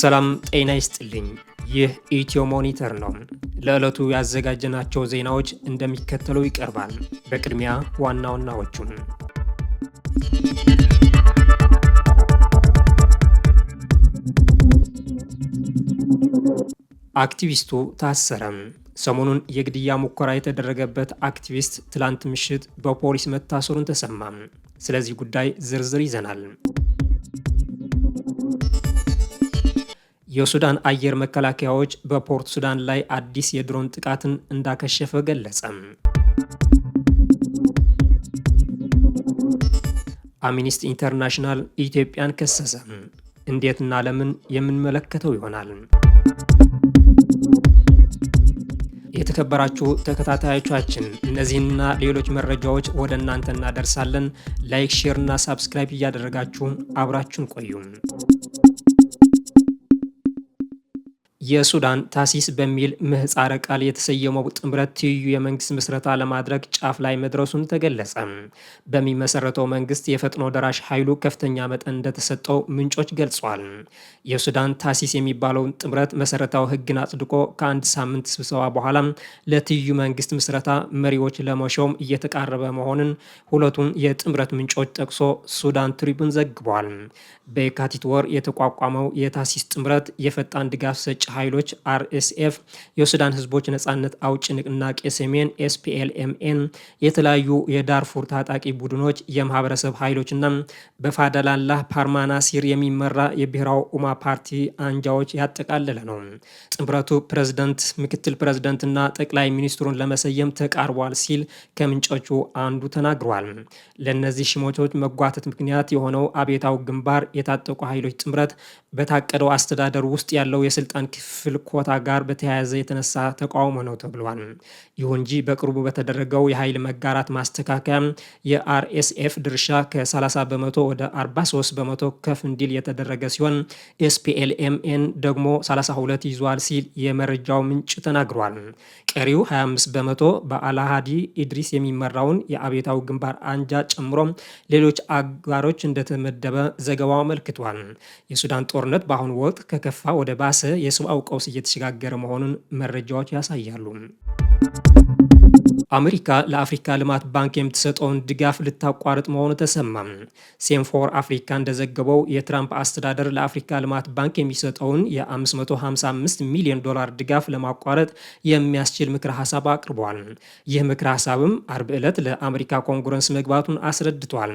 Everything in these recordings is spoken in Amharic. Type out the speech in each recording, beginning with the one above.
ሰላም ጤና ይስጥልኝ። ይህ ኢትዮ ሞኒተር ነው። ለዕለቱ ያዘጋጀናቸው ዜናዎች እንደሚከተለው ይቀርባል። በቅድሚያ ዋና ዋናዎቹን አክቲቪስቱ ታሰረም። ሰሞኑን የግድያ ሙከራ የተደረገበት አክቲቪስት ትላንት ምሽት በፖሊስ መታሰሩን ተሰማም። ስለዚህ ጉዳይ ዝርዝር ይዘናል። የሱዳን አየር መከላከያዎች በፖርት ሱዳን ላይ አዲስ የድሮን ጥቃትን እንዳከሸፈ ገለጸም። አምኒስቲ ኢንተርናሽናል ኢትዮጵያን ከሰሰ። እንዴትና ለምን የምንመለከተው ይሆናል። የተከበራችሁ ተከታታዮቻችን እነዚህና ሌሎች መረጃዎች ወደ እናንተ እናደርሳለን። ላይክ፣ ሼርና ሳብስክራይብ እያደረጋችሁ አብራችሁን ቆዩም። የሱዳን ታሲስ በሚል ምህፃረ ቃል የተሰየመው ጥምረት ትይዩ የመንግስት ምስረታ ለማድረግ ጫፍ ላይ መድረሱን ተገለጸ። በሚመሰረተው መንግስት የፈጥኖ ደራሽ ኃይሉ ከፍተኛ መጠን እንደተሰጠው ምንጮች ገልጿል። የሱዳን ታሲስ የሚባለውን ጥምረት መሰረታዊ ህግን አጽድቆ ከአንድ ሳምንት ስብሰባ በኋላ ለትይዩ መንግስት ምስረታ መሪዎች ለመሾም እየተቃረበ መሆንን ሁለቱን የጥምረት ምንጮች ጠቅሶ ሱዳን ትሪቡን ዘግቧል። በየካቲት ወር የተቋቋመው የታሲስ ጥምረት የፈጣን ድጋፍ ሰጪ ኃይሎች አርኤስኤፍ፣ የሱዳን ህዝቦች ነጻነት አውጭ ንቅናቄ ሰሜን ኤስፒኤልኤምኤን፣ የተለያዩ የዳርፉር ታጣቂ ቡድኖች፣ የማህበረሰብ ኃይሎችና በፋደላላ ፓርማና ሲር የሚመራ የብሔራዊ ኡማ ፓርቲ አንጃዎች ያጠቃለለ ነው። ጥምረቱ ፕሬዝደንት፣ ምክትል ፕሬዝደንትና ጠቅላይ ሚኒስትሩን ለመሰየም ተቃርቧል ሲል ከምንጮቹ አንዱ ተናግሯል። ለእነዚህ ሽሞቶች መጓተት ምክንያት የሆነው አቤታው ግንባር የታጠቁ ኃይሎች ጥምረት በታቀደው አስተዳደር ውስጥ ያለው የስልጣን ፍልኮታ ጋር በተያያዘ የተነሳ ተቃውሞ ነው ተብሏል። ይሁን እንጂ በቅርቡ በተደረገው የኃይል መጋራት ማስተካከያ የአርኤስኤፍ ድርሻ ከ30 በመቶ ወደ 43 በመቶ ከፍ እንዲል የተደረገ ሲሆን ኤስፒኤልኤምኤን ደግሞ 32 ይዟል ሲል የመረጃው ምንጭ ተናግሯል። ቀሪው 25 በመቶ በአልሃዲ ኢድሪስ የሚመራውን የአብዮታዊ ግንባር አንጃ ጨምሮ ሌሎች አጋሮች እንደተመደበ ዘገባው አመልክቷል። የሱዳን ጦርነት በአሁኑ ወቅት ከከፋ ወደ ባሰ የሰብአዊ አውቀውስ እየተሸጋገረ መሆኑን መረጃዎች ያሳያሉ። አሜሪካ ለአፍሪካ ልማት ባንክ የምትሰጠውን ድጋፍ ልታቋርጥ መሆኑ ተሰማም። ሴምፎር አፍሪካ እንደዘገበው የትራምፕ አስተዳደር ለአፍሪካ ልማት ባንክ የሚሰጠውን የ555 ሚሊዮን ዶላር ድጋፍ ለማቋረጥ የሚያስችል ምክረ ሀሳብ አቅርቧል። ይህ ምክረ ሀሳብም አርብ ዕለት ለአሜሪካ ኮንግረስ መግባቱን አስረድቷል።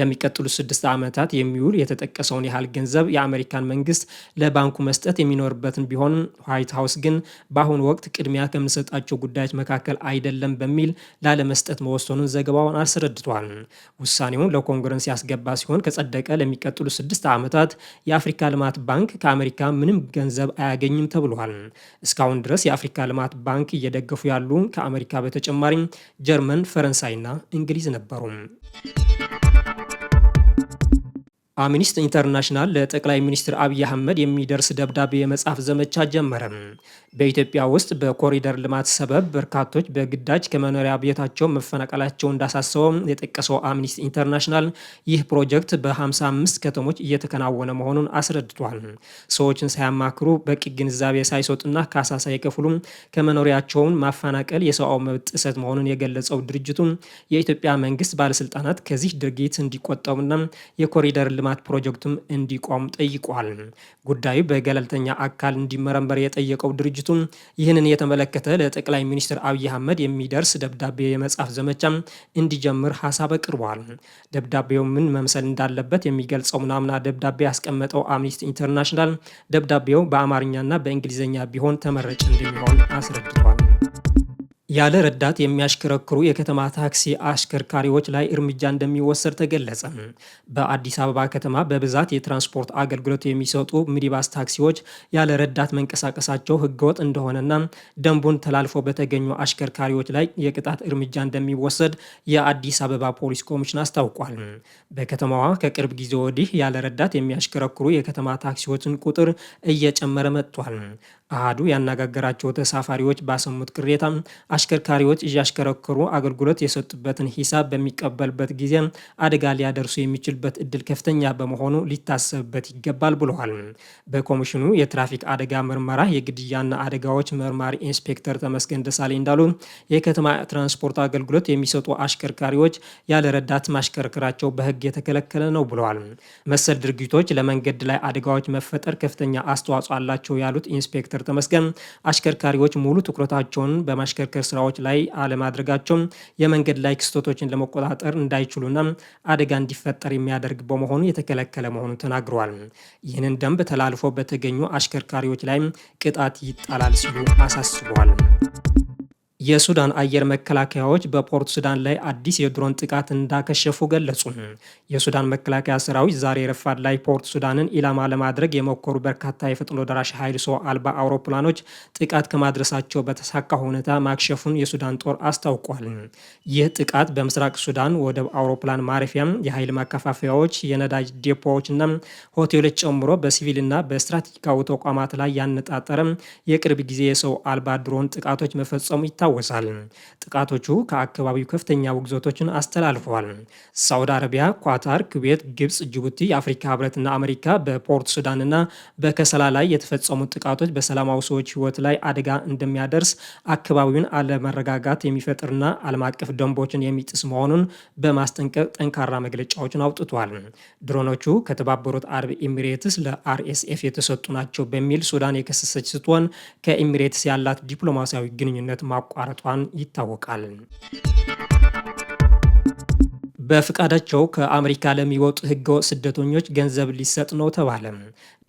ለሚቀጥሉት ስድስት ዓመታት የሚውል የተጠቀሰውን ያህል ገንዘብ የአሜሪካን መንግስት ለባንኩ መስጠት የሚኖርበትን ቢሆን፣ ዋይት ሀውስ ግን በአሁኑ ወቅት ቅድሚያ ከምንሰጣቸው ጉዳዮች መካከል አይደለም በሚ በሚል ላለመስጠት መወሰኑን ዘገባውን አስረድቷል። ውሳኔውን ለኮንግረስ ያስገባ ሲሆን ከጸደቀ ለሚቀጥሉ ስድስት ዓመታት የአፍሪካ ልማት ባንክ ከአሜሪካ ምንም ገንዘብ አያገኝም ተብሏል። እስካሁን ድረስ የአፍሪካ ልማት ባንክ እየደገፉ ያሉ ከአሜሪካ በተጨማሪ ጀርመን፣ ፈረንሳይና እንግሊዝ ነበሩ። አምኒስቲ ኢንተርናሽናል ለጠቅላይ ሚኒስትር አብይ አህመድ የሚደርስ ደብዳቤ የመጻፍ ዘመቻ ጀመረም። በኢትዮጵያ ውስጥ በኮሪደር ልማት ሰበብ በርካቶች በግዳጅ ከመኖሪያ ቤታቸው መፈናቀላቸው እንዳሳሰበው የጠቀሰው አምኒስቲ ኢንተርናሽናል ይህ ፕሮጀክት በ55 ከተሞች እየተከናወነ መሆኑን አስረድቷል። ሰዎችን ሳያማክሩ በቂ ግንዛቤ ሳይሰጡና ካሳ ሳይከፍሉም ከመኖሪያቸውን ማፈናቀል የሰብአዊ መብት ጥሰት መሆኑን የገለጸው ድርጅቱ የኢትዮጵያ መንግስት ባለስልጣናት ከዚህ ድርጊት እንዲቆጠቡና የኮሪደር ልማት ፕሮጀክቱም እንዲቆም ጠይቋል። ጉዳዩ በገለልተኛ አካል እንዲመረመር የጠየቀው ድርጅቱም ይህንን የተመለከተ ለጠቅላይ ሚኒስትር አብይ አህመድ የሚደርስ ደብዳቤ የመጻፍ ዘመቻ እንዲጀምር ሀሳብ አቅርቧል። ደብዳቤው ምን መምሰል እንዳለበት የሚገልጸው ምናምና ደብዳቤ ያስቀመጠው አምኒስቲ ኢንተርናሽናል ደብዳቤው በአማርኛና በእንግሊዝኛ ቢሆን ተመረጭ እንደሚሆን አስረድቷል። ያለ ረዳት የሚያሽከረክሩ የከተማ ታክሲ አሽከርካሪዎች ላይ እርምጃ እንደሚወሰድ ተገለጸ። በአዲስ አበባ ከተማ በብዛት የትራንስፖርት አገልግሎት የሚሰጡ ሚኒባስ ታክሲዎች ያለ ረዳት መንቀሳቀሳቸው ህገወጥ እንደሆነና ደንቡን ተላልፎ በተገኙ አሽከርካሪዎች ላይ የቅጣት እርምጃ እንደሚወሰድ የአዲስ አበባ ፖሊስ ኮሚሽን አስታውቋል። በከተማዋ ከቅርብ ጊዜ ወዲህ ያለ ረዳት የሚያሽከረክሩ የከተማ ታክሲዎችን ቁጥር እየጨመረ መጥቷል። አሃዱ ያነጋገራቸው ተሳፋሪዎች ባሰሙት ቅሬታ አሽከርካሪዎች እያሽከረከሩ አገልግሎት የሰጡበትን ሂሳብ በሚቀበልበት ጊዜ አደጋ ሊያደርሱ የሚችልበት እድል ከፍተኛ በመሆኑ ሊታሰብበት ይገባል ብለዋል። በኮሚሽኑ የትራፊክ አደጋ ምርመራ የግድያና አደጋዎች መርማሪ ኢንስፔክተር ተመስገን ደሳሌ እንዳሉ የከተማ ትራንስፖርት አገልግሎት የሚሰጡ አሽከርካሪዎች ያለ ረዳት ማሽከርከራቸው በሕግ የተከለከለ ነው ብለዋል። መሰል ድርጊቶች ለመንገድ ላይ አደጋዎች መፈጠር ከፍተኛ አስተዋጽኦ አላቸው ያሉት ኢንስፔክተር ተመስገን አሽከርካሪዎች ሙሉ ትኩረታቸውን በማሽከርከር ስራዎች ላይ አለማድረጋቸው የመንገድ ላይ ክስተቶችን ለመቆጣጠር እንዳይችሉና አደጋ እንዲፈጠር የሚያደርግ በመሆኑ የተከለከለ መሆኑን ተናግረዋል። ይህንን ደንብ ተላልፎ በተገኙ አሽከርካሪዎች ላይ ቅጣት ይጣላል ሲሉ አሳስበዋል። የሱዳን አየር መከላከያዎች በፖርት ሱዳን ላይ አዲስ የድሮን ጥቃት እንዳከሸፉ ገለጹ። የሱዳን መከላከያ ሰራዊት ዛሬ ረፋድ ላይ ፖርት ሱዳንን ኢላማ ለማድረግ የሞከሩ በርካታ የፈጥኖ ደራሽ ኃይል ሰው አልባ አውሮፕላኖች ጥቃት ከማድረሳቸው በተሳካ ሁኔታ ማክሸፉን የሱዳን ጦር አስታውቋል። ይህ ጥቃት በምስራቅ ሱዳን ወደብ፣ አውሮፕላን ማረፊያ፣ የኃይል ማከፋፈያዎች፣ የነዳጅ ዴፖዎችና ሆቴሎች ጨምሮ በሲቪልና በስትራቴጂካዊ ተቋማት ላይ ያነጣጠረ የቅርብ ጊዜ የሰው አልባ ድሮን ጥቃቶች መፈጸሙ ይታወቃል። ይታወሳል። ጥቃቶቹ ከአካባቢው ከፍተኛ ውግዘቶችን አስተላልፈዋል። ሳውዲ አረቢያ፣ ኳታር፣ ኩዌት፣ ግብፅ፣ ጅቡቲ፣ የአፍሪካ ህብረትና አሜሪካ በፖርት ሱዳንና በከሰላ ላይ የተፈጸሙት ጥቃቶች በሰላማዊ ሰዎች ህይወት ላይ አደጋ እንደሚያደርስ አካባቢውን አለመረጋጋት የሚፈጥርና ዓለም አቀፍ ደንቦችን የሚጥስ መሆኑን በማስጠንቀቅ ጠንካራ መግለጫዎችን አውጥቷል። ድሮኖቹ ከተባበሩት አረብ ኤሚሬትስ ለአርኤስኤፍ የተሰጡ ናቸው በሚል ሱዳን የከሰሰች ስትሆን ከኤሚሬትስ ያላት ዲፕሎማሲያዊ ግንኙነት ማቋ ማቋረጧን ይታወቃል። በፍቃዳቸው ከአሜሪካ ለሚወጡ ህገወጥ ስደተኞች ገንዘብ ሊሰጥ ነው ተባለ።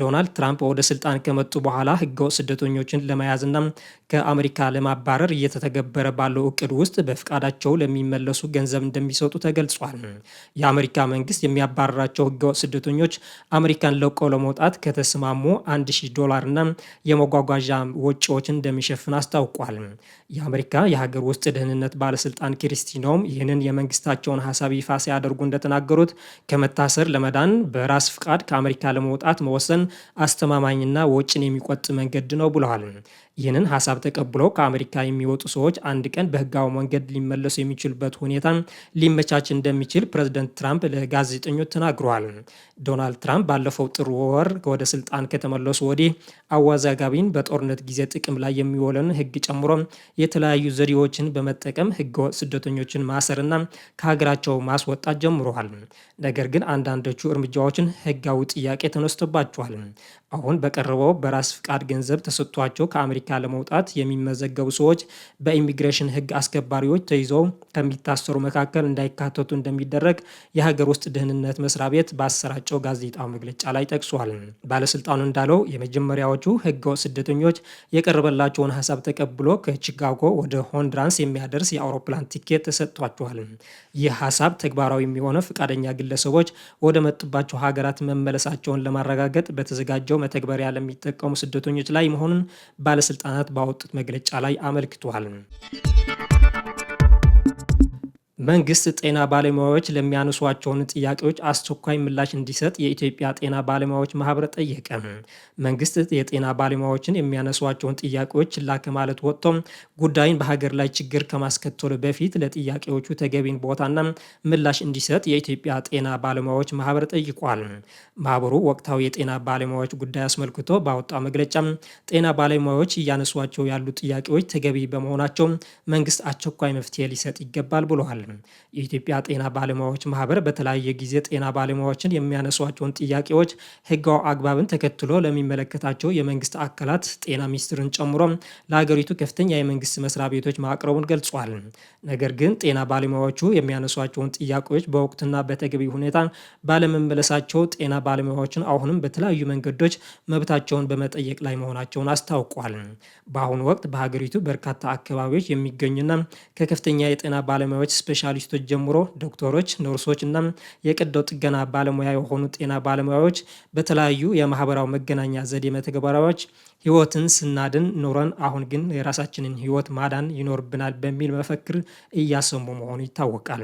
ዶናልድ ትራምፕ ወደ ስልጣን ከመጡ በኋላ ህገወጥ ስደተኞችን ለመያዝና ከአሜሪካ ለማባረር እየተተገበረ ባለው እቅድ ውስጥ በፍቃዳቸው ለሚመለሱ ገንዘብ እንደሚሰጡ ተገልጿል። የአሜሪካ መንግስት የሚያባረራቸው ህገወጥ ስደተኞች አሜሪካን ለቀው ለመውጣት ከተስማሙ 1000 ዶላርና የመጓጓዣ ወጪዎችን እንደሚሸፍን አስታውቋል። የአሜሪካ የሀገር ውስጥ ደህንነት ባለስልጣን ክሪስቲኖም ይህንን የመንግስታቸውን ሀሳብ ይፋ ሲያደርጉ እንደተናገሩት ከመታሰር ለመዳን በራስ ፍቃድ ከአሜሪካ ለመውጣት መወሰን አስተማማኝና ወጪን የሚቆጥ መንገድ ነው ብለዋል። ይህንን ሀሳብ ተቀብለው ከአሜሪካ የሚወጡ ሰዎች አንድ ቀን በህጋዊ መንገድ ሊመለሱ የሚችሉበት ሁኔታ ሊመቻች እንደሚችል ፕሬዚደንት ትራምፕ ለጋዜጠኞች ተናግረዋል። ዶናልድ ትራምፕ ባለፈው ጥር ወር ወደ ስልጣን ከተመለሱ ወዲህ አዋዛጋቢን በጦርነት ጊዜ ጥቅም ላይ የሚውለን ህግ ጨምሮ የተለያዩ ዘዴዎችን በመጠቀም ህገወጥ ስደተኞችን ማሰርና ከሀገራቸው ማስወጣት ጀምረዋል። ነገር ግን አንዳንዶቹ እርምጃዎችን ህጋዊ ጥያቄ ተነስቶባቸዋል። አሁን በቀረበው በራስ ፍቃድ ገንዘብ ተሰጥቷቸው ከአሜሪካ ለመውጣት የሚመዘገቡ ሰዎች በኢሚግሬሽን ሕግ አስከባሪዎች ተይዘው ከሚታሰሩ መካከል እንዳይካተቱ እንደሚደረግ የሀገር ውስጥ ደህንነት መስሪያ ቤት በአሰራጨው ጋዜጣዊ መግለጫ ላይ ጠቅሷል። ባለስልጣኑ እንዳለው የመጀመሪያዎቹ ሕገወጥ ስደተኞች የቀረበላቸውን ሀሳብ ተቀብሎ ከቺካጎ ወደ ሆንድራንስ የሚያደርስ የአውሮፕላን ቲኬት ተሰጥቷቸዋል። ይህ ሀሳብ ተግባራዊ የሚሆነው ፈቃደኛ ግለሰቦች ወደ መጡባቸው ሀገራት መመለሳቸውን ለማረጋገጥ በተዘጋጀው ያለው መተግበሪያ ለሚጠቀሙ ስደተኞች ላይ መሆኑን ባለስልጣናት ባወጡት መግለጫ ላይ አመልክቷል። መንግስት ጤና ባለሙያዎች ለሚያነሷቸውን ጥያቄዎች አስቸኳይ ምላሽ እንዲሰጥ የኢትዮጵያ ጤና ባለሙያዎች ማህበር ጠየቀ። መንግስት የጤና ባለሙያዎችን የሚያነሷቸውን ጥያቄዎች ችላ ከማለት ወጥቶ ጉዳይን በሀገር ላይ ችግር ከማስከተሉ በፊት ለጥያቄዎቹ ተገቢን ቦታና ምላሽ እንዲሰጥ የኢትዮጵያ ጤና ባለሙያዎች ማህበር ጠይቋል። ማህበሩ ወቅታዊ የጤና ባለሙያዎች ጉዳይ አስመልክቶ ባወጣው መግለጫ ጤና ባለሙያዎች እያነሷቸው ያሉ ጥያቄዎች ተገቢ በመሆናቸው መንግስት አስቸኳይ መፍትሄ ሊሰጥ ይገባል ብሏል። የኢትዮጵያ ጤና ባለሙያዎች ማህበር በተለያየ ጊዜ ጤና ባለሙያዎችን የሚያነሷቸውን ጥያቄዎች ህጋዊ አግባብን ተከትሎ ለሚመለከታቸው የመንግስት አካላት ጤና ሚኒስትርን ጨምሮ ለሀገሪቱ ከፍተኛ የመንግስት መስሪያ ቤቶች ማቅረቡን ገልጿል። ነገር ግን ጤና ባለሙያዎቹ የሚያነሷቸውን ጥያቄዎች በወቅትና በተገቢ ሁኔታ ባለመመለሳቸው ጤና ባለሙያዎችን አሁንም በተለያዩ መንገዶች መብታቸውን በመጠየቅ ላይ መሆናቸውን አስታውቋል። በአሁኑ ወቅት በሀገሪቱ በርካታ አካባቢዎች የሚገኙና ከከፍተኛ የጤና ባለሙያዎች ስፔሻሊስቶች ጀምሮ ዶክተሮች፣ ነርሶች እና የቀዶ ጥገና ባለሙያ የሆኑ ጤና ባለሙያዎች በተለያዩ የማህበራዊ መገናኛ ዘዴ መተግበሪያዎች ህይወትን ስናድን ኖረን አሁን ግን የራሳችንን ህይወት ማዳን ይኖርብናል በሚል መፈክር እያሰሙ መሆኑ ይታወቃል።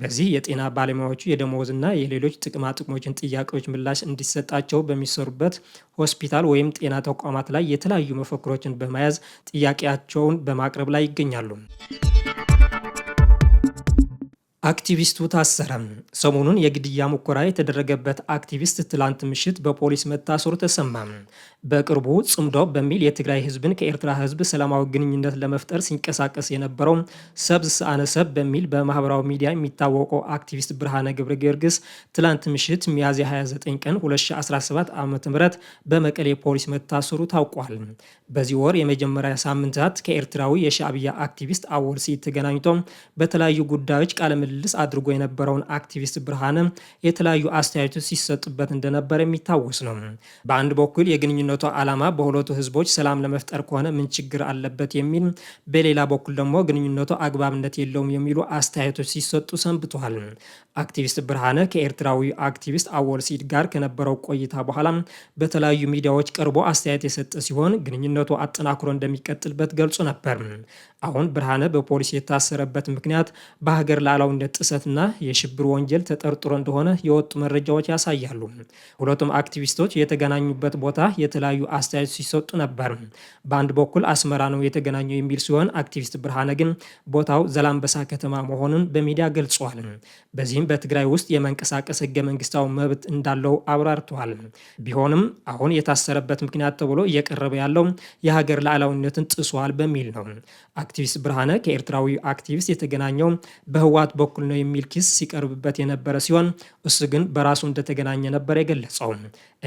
በዚህ የጤና ባለሙያዎቹ የደሞዝና የሌሎች ጥቅማ ጥቅሞችን ጥያቄዎች ምላሽ እንዲሰጣቸው በሚሰሩበት ሆስፒታል ወይም ጤና ተቋማት ላይ የተለያዩ መፈክሮችን በመያዝ ጥያቄያቸውን በማቅረብ ላይ ይገኛሉ። አክቲቪስቱ ታሰረም። ሰሞኑን የግድያ ሙከራ የተደረገበት አክቲቪስት ትላንት ምሽት በፖሊስ መታሰሩ ተሰማ። በቅርቡ ጽምዶ በሚል የትግራይ ህዝብን ከኤርትራ ህዝብ ሰላማዊ ግንኙነት ለመፍጠር ሲንቀሳቀስ የነበረው ሰብዝ አነሰብ በሚል በማህበራዊ ሚዲያ የሚታወቀው አክቲቪስት ብርሃነ ገብረ ጊዮርጊስ ትላንት ምሽት ሚያዝያ 29 ቀን 2017 ዓ ም በመቀሌ ፖሊስ መታሰሩ ታውቋል። በዚህ ወር የመጀመሪያ ሳምንታት ከኤርትራዊ የሻዕብያ አክቲቪስት አወልሲ ተገናኝቶ በተለያዩ ጉዳዮች ቃለ። ምልልስ አድርጎ የነበረውን አክቲቪስት ብርሃንም የተለያዩ አስተያየቶች ሲሰጡበት እንደነበር የሚታወስ ነው። በአንድ በኩል የግንኙነቱ ዓላማ በሁለቱ ህዝቦች ሰላም ለመፍጠር ከሆነ ምን ችግር አለበት የሚል፣ በሌላ በኩል ደግሞ ግንኙነቱ አግባብነት የለውም የሚሉ አስተያየቶች ሲሰጡ ሰንብተዋል። አክቲቪስት ብርሃነ ከኤርትራዊ አክቲቪስት አወል ሲድ ጋር ከነበረው ቆይታ በኋላ በተለያዩ ሚዲያዎች ቀርቦ አስተያየት የሰጠ ሲሆን ግንኙነቱ አጠናክሮ እንደሚቀጥልበት ገልጾ ነበር። አሁን ብርሃነ በፖሊስ የታሰረበት ምክንያት በሀገር ላላው እንደ ጥሰትና የሽብር ወንጀል ተጠርጥሮ እንደሆነ የወጡ መረጃዎች ያሳያሉ። ሁለቱም አክቲቪስቶች የተገናኙበት ቦታ የተለያዩ አስተያየቶች ሲሰጡ ነበር። በአንድ በኩል አስመራ ነው የተገናኘው የሚል ሲሆን አክቲቪስት ብርሃነ ግን ቦታው ዘላንበሳ ከተማ መሆኑን በሚዲያ ገልጿል። በዚህም በትግራይ ውስጥ የመንቀሳቀስ ህገ መንግስታዊ መብት እንዳለው አብራርተዋል። ቢሆንም አሁን የታሰረበት ምክንያት ተብሎ እየቀረበ ያለው የሀገር ሉዓላዊነትን ጥሷል በሚል ነው። አክቲቪስት ብርሃነ ከኤርትራዊ አክቲቪስት የተገናኘው በህወሓት በኩል በኩል ነው የሚል ክስ ሲቀርብበት የነበረ ሲሆን እሱ ግን በራሱ እንደተገናኘ ነበር የገለጸው።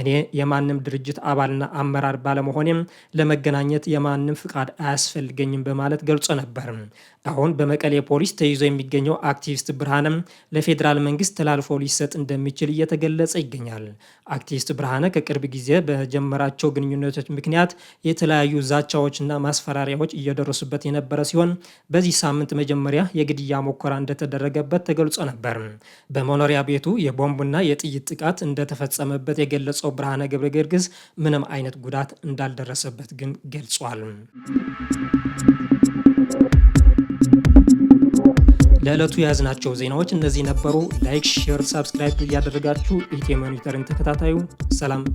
እኔ የማንም ድርጅት አባልና አመራር ባለመሆኔም ለመገናኘት የማንም ፍቃድ አያስፈልገኝም በማለት ገልጾ ነበር። አሁን በመቀሌ ፖሊስ ተይዞ የሚገኘው አክቲቪስት ብርሃነም ለፌዴራል መንግስት ተላልፎ ሊሰጥ እንደሚችል እየተገለጸ ይገኛል። አክቲቪስት ብርሃነ ከቅርብ ጊዜ በጀመራቸው ግንኙነቶች ምክንያት የተለያዩ ዛቻዎችና ማስፈራሪያዎች እየደረሱበት የነበረ ሲሆን በዚህ ሳምንት መጀመሪያ የግድያ ሙከራ እንደተደረገበት ተገልጾ ነበር። በመኖሪያ ቤቱ የቦምብና የጥይት ጥቃት እንደተፈጸመበት የገለጸው የገለጸው ብርሃነ ገብረ ጊዮርጊስ ምንም አይነት ጉዳት እንዳልደረሰበት ግን ገልጿል። ለዕለቱ የያዝናቸው ዜናዎች እነዚህ ነበሩ። ላይክ፣ ሼር፣ ሳብስክራይብ እያደረጋችሁ ኢትዮ ሞኒተርን ተከታታዩ ሰላም